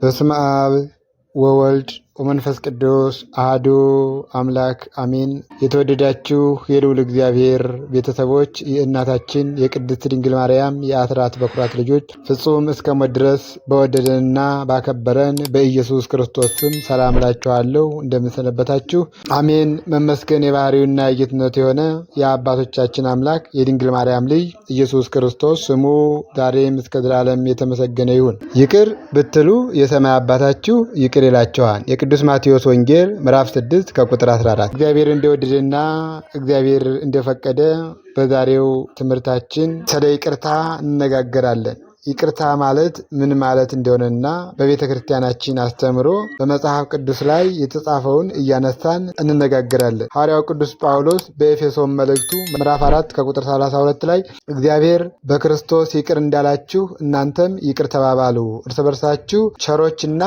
በስመ አብ ወወልድ ወመንፈስ ቅዱስ አህዱ አምላክ አሜን። የተወደዳችሁ የልዑል እግዚአብሔር ቤተሰቦች የእናታችን የቅድስት ድንግል ማርያም የአስራት በኩራት ልጆች ፍጹም እስከ ሞት ድረስ በወደደንና ባከበረን በኢየሱስ ክርስቶስ ስም ሰላም እላችኋለሁ። እንደምንሰነበታችሁ አሜን። መመስገን የባህሪውና የጌትነቱ የሆነ የአባቶቻችን አምላክ የድንግል ማርያም ልጅ ኢየሱስ ክርስቶስ ስሙ ዛሬም እስከ ዘላለም የተመሰገነ ይሁን። ይቅር ብትሉ የሰማይ አባታችሁ ይቅር ይላችኋል። ቅዱስ ማቴዎስ ወንጌል ምዕራፍ 6 ከቁጥር 14 እግዚአብሔር እንደወደደና እግዚአብሔር እንደፈቀደ በዛሬው ትምህርታችን ስለ ይቅርታ እንነጋገራለን። ይቅርታ ማለት ምን ማለት እንደሆነና በቤተ ክርስቲያናችን አስተምሮ በመጽሐፍ ቅዱስ ላይ የተጻፈውን እያነሳን እንነጋገራለን። ሐዋርያው ቅዱስ ጳውሎስ በኤፌሶን መልእክቱ ምዕራፍ 4 ከቁጥር 32 ላይ እግዚአብሔር በክርስቶስ ይቅር እንዳላችሁ እናንተም ይቅር ተባባሉ፣ እርስ በርሳችሁ ቸሮችና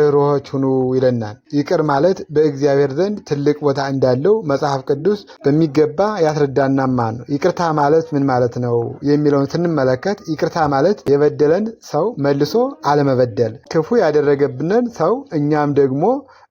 ርኅሩኆች ሁኑ ይለናል። ይቅር ማለት በእግዚአብሔር ዘንድ ትልቅ ቦታ እንዳለው መጽሐፍ ቅዱስ በሚገባ ያስረዳናማ ነው። ይቅርታ ማለት ምን ማለት ነው የሚለውን ስንመለከት ይቅርታ ማለት የበደለን ሰው መልሶ አለመበደል፣ ክፉ ያደረገብንን ሰው እኛም ደግሞ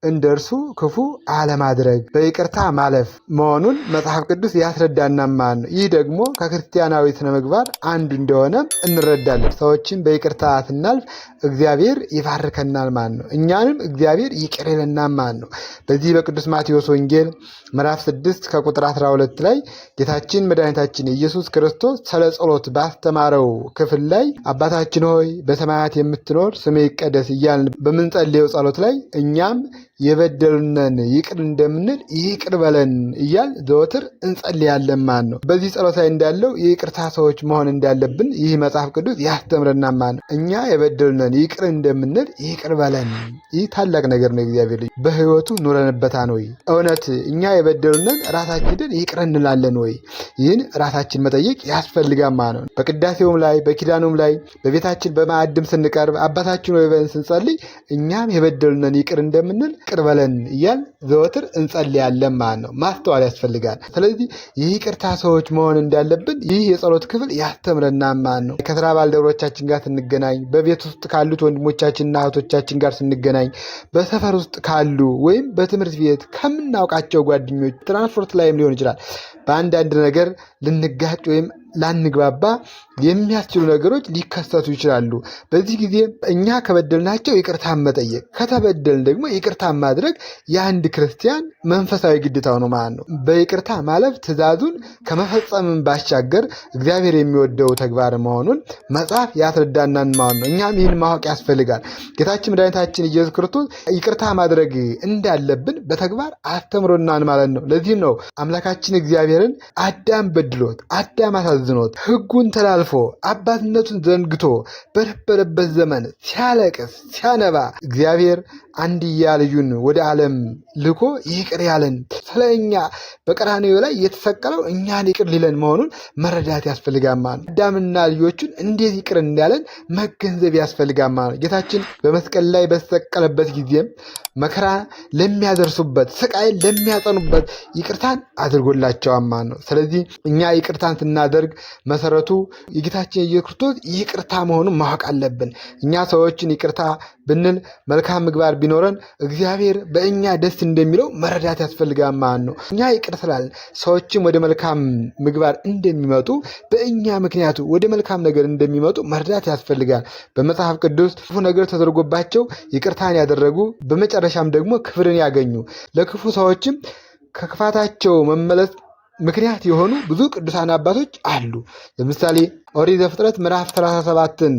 እንደ እርሱ ክፉ አለማድረግ፣ በይቅርታ ማለፍ መሆኑን መጽሐፍ ቅዱስ ያስረዳናል ነው። ይህ ደግሞ ከክርስቲያናዊ ስነ ምግባር አንዱ እንደሆነ እንረዳለን። ሰዎችን በይቅርታ ስናልፍ እግዚአብሔር ይባርከናል ማለት ነው። እኛንም እግዚአብሔር ይቅር ይለናል ማለት ነው። በዚህ በቅዱስ ማቴዎስ ወንጌል ምዕራፍ 6 ከቁጥር 12 ላይ ጌታችን መድኃኒታችን ኢየሱስ ክርስቶስ ስለ ጸሎት ባስተማረው ክፍል ላይ አባታችን ሆይ በሰማያት የምትኖር ስምህ ይቀደስ እያልን በምንጸልየው ጸሎት ላይ እኛም የበደሉነን ይቅር እንደምንል ይቅር በለን እያል ዘወትር እንጸልያለን ማለት ነው። በዚህ ጸሎት ላይ እንዳለው የይቅርታ ሰዎች መሆን እንዳለብን ይህ መጽሐፍ ቅዱስ ያስተምረና ማለት ነው። እኛ የበደሉነን ይቅር እንደምንል ይቅር በለን። ይህ ታላቅ ነገር ነው። እግዚአብሔር ልጅ በህይወቱ ኑረንበታን ወይ? እውነት እኛ የበደሉነን ራሳችንን ይቅር እንላለን ወይ? ይህን ራሳችን መጠየቅ ያስፈልጋል ማለት ነው። በቅዳሴውም ላይ በኪዳኑም ላይ በቤታችን በማዕድም ስንቀርብ አባታችን ወይ በን ስንጸልይ እኛም የበደሉነን ይቅር እንደምንል ይቅር በለን እያል ዘወትር እንጸልያለን ማለት ነው። ማስተዋል ያስፈልጋል። ስለዚህ ይህ ይቅርታ ሰዎች መሆን እንዳለብን ይህ የጸሎት ክፍል ያስተምረና ማለት ነው። ከስራ ባልደረቦቻችን ጋር ስንገናኝ፣ በቤት ውስጥ ካሉት ወንድሞቻችንና እህቶቻችን ጋር ስንገናኝ፣ በሰፈር ውስጥ ካሉ ወይም በትምህርት ቤት ከምናውቃቸው ጓደኞች፣ ትራንስፖርት ላይም ሊሆን ይችላል በአንዳንድ ነገር ልንጋጭ ወይም ላንግባባ የሚያስችሉ ነገሮች ሊከሰቱ ይችላሉ። በዚህ ጊዜ እኛ ከበደልናቸው ይቅርታን መጠየቅ፣ ከተበደልን ደግሞ ይቅርታን ማድረግ የአንድ ክርስቲያን መንፈሳዊ ግዴታው ነው ማለት ነው። በይቅርታ ማለፍ ትእዛዙን ከመፈጸምን ባሻገር እግዚአብሔር የሚወደው ተግባር መሆኑን መጽሐፍ ያስረዳናን ማለት ነው። እኛም ይህን ማወቅ ያስፈልጋል። ጌታችን መድኃኒታችን ኢየሱስ ክርስቶስ ይቅርታ ማድረግ እንዳለብን በተግባር አስተምሮናን ማለት ነው። ለዚህም ነው አምላካችን እግዚአብሔርን አዳም በድሎት አዳም አሳዝ አሳዝኖት ህጉን ተላልፎ አባትነቱን ዘንግቶ በነበረበት ዘመን ሲያለቅስ ሲያነባ እግዚአብሔር አንድያ ልጁን ወደ ዓለም ልኮ ይቅር ያለን ስለ እኛ በቀራንዮ ላይ የተሰቀለው እኛን ይቅር ሊለን መሆኑን መረዳት ያስፈልጋማ ነው። አዳምና ልጆቹን እንዴት ይቅር እንዳለን መገንዘብ ያስፈልጋማ ነው። ጌታችን በመስቀል ላይ በተሰቀለበት ጊዜም መከራ ለሚያደርሱበት፣ ስቃይን ለሚያጸኑበት ይቅርታን አድርጎላቸዋማ ነው። ስለዚህ እኛ ይቅርታን ስናደርግ መሰረቱ የጌታችን የኢየሱስ ክርስቶስ ይቅርታ መሆኑን ማወቅ አለብን። እኛ ሰዎችን ይቅርታ ብንል መልካም ምግባር ቢኖረን እግዚአብሔር በእኛ ደስ እንደሚለው መረዳት ያስፈልጋል ማለት ነው። እኛ ይቅር ስላልን ሰዎችም ወደ መልካም ምግባር እንደሚመጡ በእኛ ምክንያቱ ወደ መልካም ነገር እንደሚመጡ መረዳት ያስፈልጋል። በመጽሐፍ ቅዱስ ክፉ ነገር ተደርጎባቸው ይቅርታን ያደረጉ በመጨረሻም ደግሞ ክብርን ያገኙ ለክፉ ሰዎችም ከክፋታቸው መመለስ ምክንያት የሆኑ ብዙ ቅዱሳን አባቶች አሉ። ለምሳሌ ኦሪት ዘፍጥረት ምዕራፍ 37ን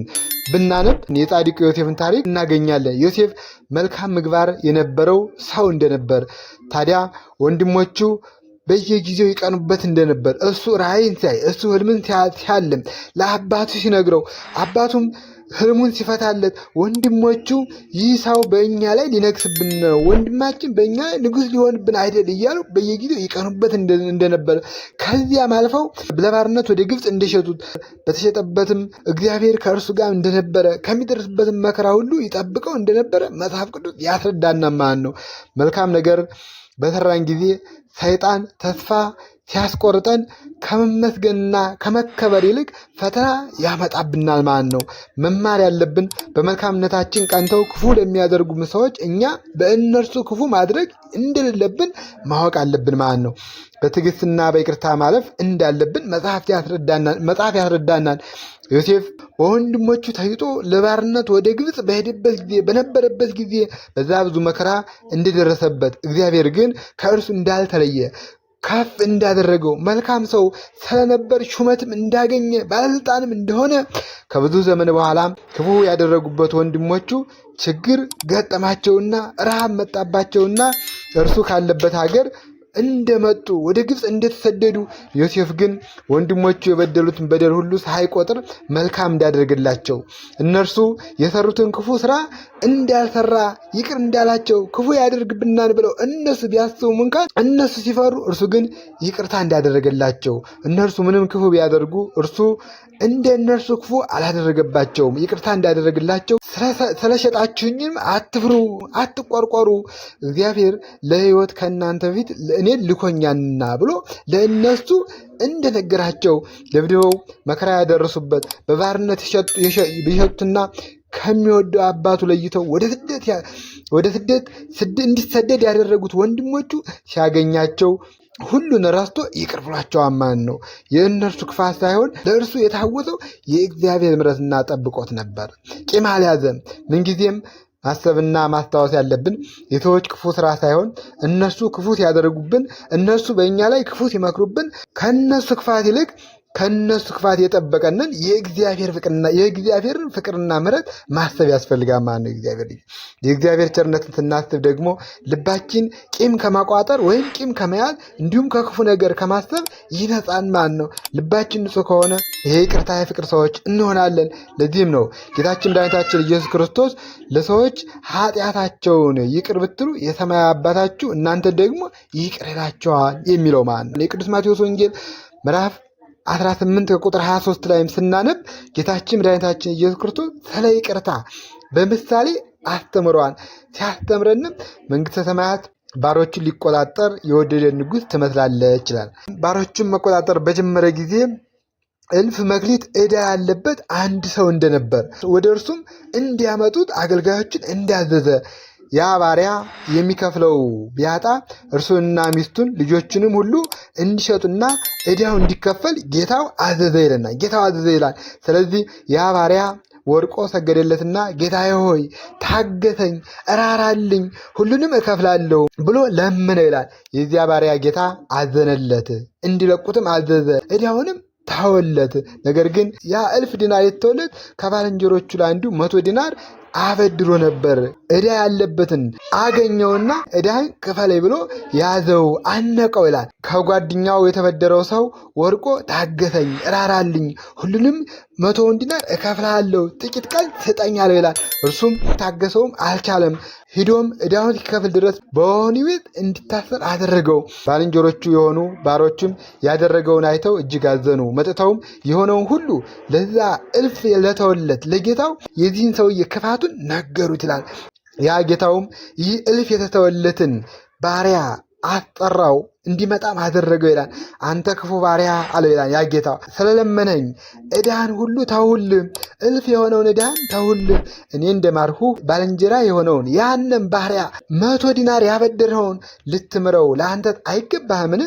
ብናነብ የጻድቁ ዮሴፍን ታሪክ እናገኛለን። ዮሴፍ መልካም ምግባር የነበረው ሰው እንደነበር ታዲያ ወንድሞቹ በየጊዜው ይቀኑበት እንደነበር እሱ ራእይን ሲያይ እሱ ህልምን ሲያልም ለአባቱ ሲነግረው አባቱም ህልሙን ሲፈታለት ወንድሞቹ ይህ ሰው በእኛ ላይ ሊነግስብን ነው፣ ወንድማችን በእኛ ላይ ንጉስ ሊሆንብን አይደል እያሉ በየጊዜው ይቀኑበት እንደነበረ ከዚያም አልፈው ለባርነት ወደ ግብፅ እንደሸጡት በተሸጠበትም እግዚአብሔር ከእርሱ ጋር እንደነበረ ከሚደርስበትም መከራ ሁሉ ይጠብቀው እንደነበረ መጽሐፍ ቅዱስ ያስረዳና ማን ነው። መልካም ነገር በሰራን ጊዜ ሰይጣን ተስፋ ሲያስቆርጠን ከመመስገንና ከመከበር ይልቅ ፈተና ያመጣብናል ማለት ነው። መማር ያለብን በመልካምነታችን ቀንተው ክፉ ለሚያደርጉ ሰዎች እኛ በእነርሱ ክፉ ማድረግ እንደሌለብን ማወቅ አለብን ማለት ነው። በትዕግስትና በይቅርታ ማለፍ እንዳለብን መጽሐፍ ያስረዳናል። ዮሴፍ በወንድሞቹ ተይጦ ለባርነት ወደ ግብፅ በሄደበት ጊዜ በነበረበት ጊዜ በዛ ብዙ መከራ እንደደረሰበት እግዚአብሔር ግን ከእርሱ እንዳልተለየ ከፍ እንዳደረገው መልካም ሰው ስለነበር ሹመትም እንዳገኘ ባለስልጣንም እንደሆነ ከብዙ ዘመን በኋላም ክፉ ያደረጉበት ወንድሞቹ ችግር ገጠማቸውና ረሃብ መጣባቸውና እርሱ ካለበት ሀገር እንደመጡ ወደ ግብፅ እንደተሰደዱ ዮሴፍ ግን ወንድሞቹ የበደሉትን በደል ሁሉ ሳይቆጥር መልካም እንዳደርግላቸው እነርሱ የሰሩትን ክፉ ስራ እንዳልሰራ ይቅር እንዳላቸው ክፉ ያደርግብናን ብለው እነሱ ቢያስቡም እንኳን እነሱ ሲፈሩ እርሱ ግን ይቅርታ እንዳደረገላቸው እነርሱ ምንም ክፉ ቢያደርጉ እርሱ እንደ እነርሱ ክፉ አላደረገባቸውም። ይቅርታ እንዳደረግላቸው ስለሸጣችሁኝም አትፍሩ፣ አትቆርቆሩ፣ እግዚአብሔር ለሕይወት ከእናንተ በፊት እኔን ልኮኛና ብሎ ለእነሱ እንደነገራቸው ደብድበው መከራ ያደረሱበት በባርነት የሸጡትና ከሚወደው አባቱ ለይተው ወደ ስደት እንዲሰደድ ያደረጉት ወንድሞቹ ሲያገኛቸው ሁሉን ረስቶ ይቅር ብሏቸዋል ማለት ነው። የእነርሱ ክፋት ሳይሆን ለእርሱ የታወሰው የእግዚአብሔር ምሕረትና ጠብቆት ነበር። ቂም አልያዘም። ምንጊዜም ማሰብና ማስታወስ ያለብን የሰዎች ክፉ ስራ ሳይሆን እነሱ ክፉ ሲያደርጉብን፣ እነሱ በእኛ ላይ ክፉ ሲመክሩብን ከእነሱ ክፋት ይልቅ ከእነሱ ክፋት የጠበቀንን የእግዚአብሔር ፍቅርና ምሕረት ማሰብ ያስፈልጋል ማለት ነው። እግዚአብሔር ልጅ የእግዚአብሔር ቸርነትን ስናስብ ደግሞ ልባችን ቂም ከማቋጠር ወይም ቂም ከመያዝ እንዲሁም ከክፉ ነገር ከማሰብ ይነጻን ማለት ነው። ልባችን ንጹህ ከሆነ ይሄ ይቅርታ የፍቅር ሰዎች እንሆናለን። ለዚህም ነው ጌታችን መድኃኒታችን ኢየሱስ ክርስቶስ ለሰዎች ኃጢአታቸውን ይቅር ብትሉ የሰማይ አባታችሁ እናንተ ደግሞ ይቅር ይላቸዋል የሚለው ማለት ነው። የቅዱስ ማቴዎስ ወንጌል ምዕራፍ 18 ከቁጥር 23 ላይም ስናነብ ጌታችን መድኃኒታችን ኢየሱስ ክርስቶስ ስለ ይቅርታ በምሳሌ አስተምረዋል። ሲያስተምረንም መንግሥተ ሰማያት ባሮችን ሊቆጣጠር የወደደ ንጉሥ ትመስላለች ይችላል። ባሮቹን መቆጣጠር በጀመረ ጊዜ እልፍ መክሊት ዕዳ ያለበት አንድ ሰው እንደነበር ወደ እርሱም እንዲያመጡት አገልጋዮችን እንዳዘዘ ያ ባሪያ የሚከፍለው ቢያጣ እርሱንና ሚስቱን ልጆችንም ሁሉ እንዲሸጡና ዕዳው እንዲከፈል ጌታው አዘዘ ይለና ጌታው አዘዘ ይላል። ስለዚህ ያ ባሪያ ወድቆ ሰገደለትና ጌታዬ ሆይ ታገሰኝ፣ እራራልኝ፣ ሁሉንም እከፍላለሁ ብሎ ለምነ ይላል። የዚያ ባሪያ ጌታ አዘነለት፣ እንዲለቁትም አዘዘ፣ ዕዳውንም ታወለት። ነገር ግን ያ እልፍ ዲናር የተተወለት ከባልንጀሮቹ ለአንዱ መቶ ዲናር አበድሮ ነበር። እዳ ያለበትን አገኘውና እዳ ክፈለኝ ብሎ ያዘው፣ አነቀው ይላል። ከጓደኛው የተበደረው ሰው ወርቆ ታገሰኝ፣ እራራልኝ፣ ሁሉንም መቶ ዲናር እከፍልሃለሁ፣ ጥቂት ቀን ስጠኝ ይላል። እርሱም ታገሰውም አልቻለም። ሂዶም ዕዳውን ሲከፍል ድረስ በወህኒ ቤት እንዲታሰር አደረገው። ባልንጀሮቹ የሆኑ ባሮችም ያደረገውን አይተው እጅግ አዘኑ። መጥተውም የሆነውን ሁሉ ለዛ እልፍ ለተወለት ለጌታው የዚህን ሰውዬ ክፋቱ ያዩትን ነገሩት ይላል። ያ ጌታውም ይህ እልፍ የተተወለትን ባሪያ አጠራው። እንዲመጣም አደረገው ይላል። አንተ ክፉ ባሪያ አለው ይላል ያ ጌታ ስለለመነኝ ዕዳህን ሁሉ ተውል፣ እልፍ የሆነውን እዳን ተውል። እኔ እንደማርሁ ባልንጀራ የሆነውን ያንም ባሪያ መቶ ዲናር ያበደረውን ልትምረው ለአንተ አይገባህምን?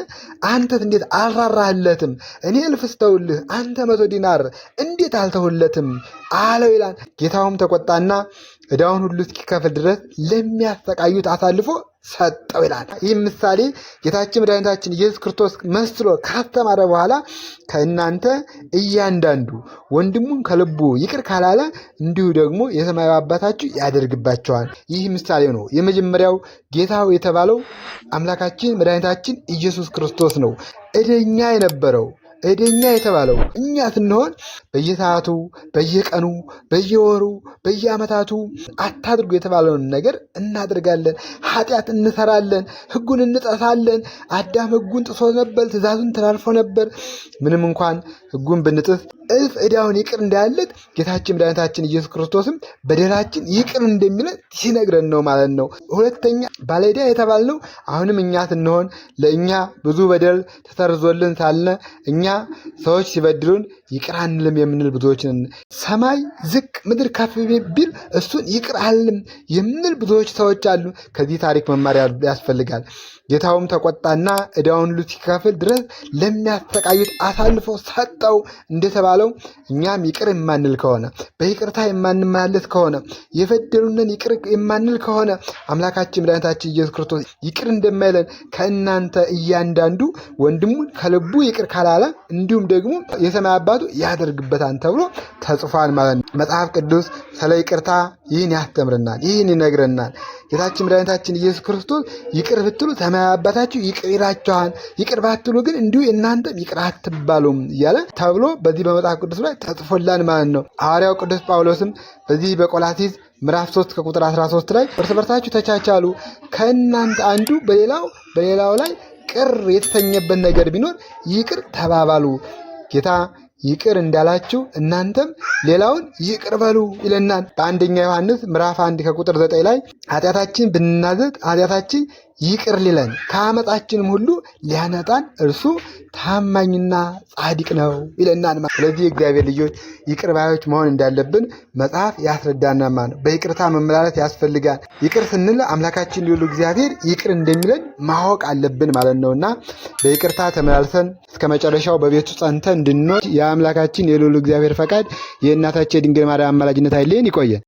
አንተት እንዴት አልራራህለትም? እኔ እልፍ ስተውልህ አንተ መቶ ዲናር እንዴት አልተውለትም አለው ይላል። ጌታውም ተቆጣና እዳውን ሁሉ እስኪከፍል ድረስ ለሚያሰቃዩት አሳልፎ ሰጠው ይላል። ይህ ምሳሌ ጌታችን መድኃኒታችን ኢየሱስ ክርስቶስ መስሎ ካስተማረ በኋላ ከእናንተ እያንዳንዱ ወንድሙን ከልቡ ይቅር ካላለ እንዲሁ ደግሞ የሰማዩ አባታችሁ ያደርግባቸዋል። ይህ ምሳሌ ነው። የመጀመሪያው ጌታው የተባለው አምላካችን መድኃኒታችን ኢየሱስ ክርስቶስ ነው። እደኛ የነበረው እደኛ የተባለው እኛ ስንሆን በየሰዓቱ በየቀኑ በየወሩ በየዓመታቱ አታድርጉ የተባለውን ነገር እናደርጋለን። ኃጢአት እንሰራለን፣ ህጉን እንጠሳለን። አዳም ህጉን ጥሶ ነበር፣ ትእዛዙን ተላልፎ ነበር። ምንም እንኳን ህጉን ብንጥስ እልፍ ዕዳውን ይቅር እንዳለት ጌታችን መድኃኒታችን ኢየሱስ ክርስቶስም በደላችን ይቅር እንደሚለን ሲነግረን ነው ማለት ነው። ሁለተኛ ባለዕዳ የተባልነው አሁንም እኛ ስንሆን ለእኛ ብዙ በደል ተሰርዞልን ሳለ እኛ ሰዎች ሲበድሉን ይቅር አንልም የምንል ብዙዎች ነን። ሰማይ ዝቅ ምድር ከፍ ቢል እሱን ይቅር አልልም የምንል ብዙዎች ሰዎች አሉ። ከዚህ ታሪክ መማር ያስፈልጋል። ጌታውም ተቆጣና ዕዳውን ሁሉ ሲከፍል ድረስ ለሚያሰቃዩት አሳልፎ ሰጠው እንደተባለ እንዳለው እኛም ይቅር የማንል ከሆነ በይቅርታ የማንማለት ከሆነ የበደሉንን ይቅር የማንል ከሆነ አምላካችን መድኃኒታችን ኢየሱስ ክርስቶስ ይቅር እንደማይለን ከእናንተ እያንዳንዱ ወንድሙ ከልቡ ይቅር ካላለ እንዲሁም ደግሞ የሰማይ አባቱ ያደርግበታል ተብሎ ተጽፏል ማለት ነው። መጽሐፍ ቅዱስ ስለ ይቅርታ ይህን ያስተምረናል፣ ይህን ይነግረናል። ጌታችን መድኃኒታችን ኢየሱስ ክርስቶስ ይቅር ብትሉ ሰማያዊ አባታችሁ ይቅር ይላችኋል፣ ይቅር ባትሉ ግን እንዲሁ እናንተም ይቅር አትባሉም እያለ ተብሎ በዚህ በመጽሐፍ ቅዱስ ላይ ተጽፎላን ማለት ነው። ሐዋርያው ቅዱስ ጳውሎስም በዚህ በቆላሲስ ምዕራፍ 3 ከቁጥር 13 ላይ እርስ በርሳችሁ ተቻቻሉ፣ ከእናንተ አንዱ በሌላው በሌላው ላይ ቅር የተሰኘበት ነገር ቢኖር ይቅር ተባባሉ ጌታ ይቅር እንዳላችሁ እናንተም ሌላውን ይቅር በሉ ይለናል። በአንደኛ ዮሐንስ ምዕራፍ አንድ ከቁጥር ዘጠኝ ላይ ኃጢአታችን ብንናዘዝ ኃጢአታችን ይቅር ሊለን ከአመጣችንም ሁሉ ሊያነጣን እርሱ ታማኝና ጻድቅ ነው ይለናል። ስለዚህ እግዚአብሔር ልጆች ይቅር ባዮች መሆን እንዳለብን መጽሐፍ ያስረዳናማ ነው። በይቅርታ መመላለስ ያስፈልጋል። ይቅር ስንል አምላካችን ሊሉ እግዚአብሔር ይቅር እንደሚለን ማወቅ አለብን ማለት ነው እና በይቅርታ ተመላልሰን እስከ መጨረሻው በቤቱ ጸንተን እንድንኖር የአምላካችን የልዑል እግዚአብሔር ፈቃድ የእናታችን የድንግል ማርያም አማላጅነት አይለየን። ይቆየን።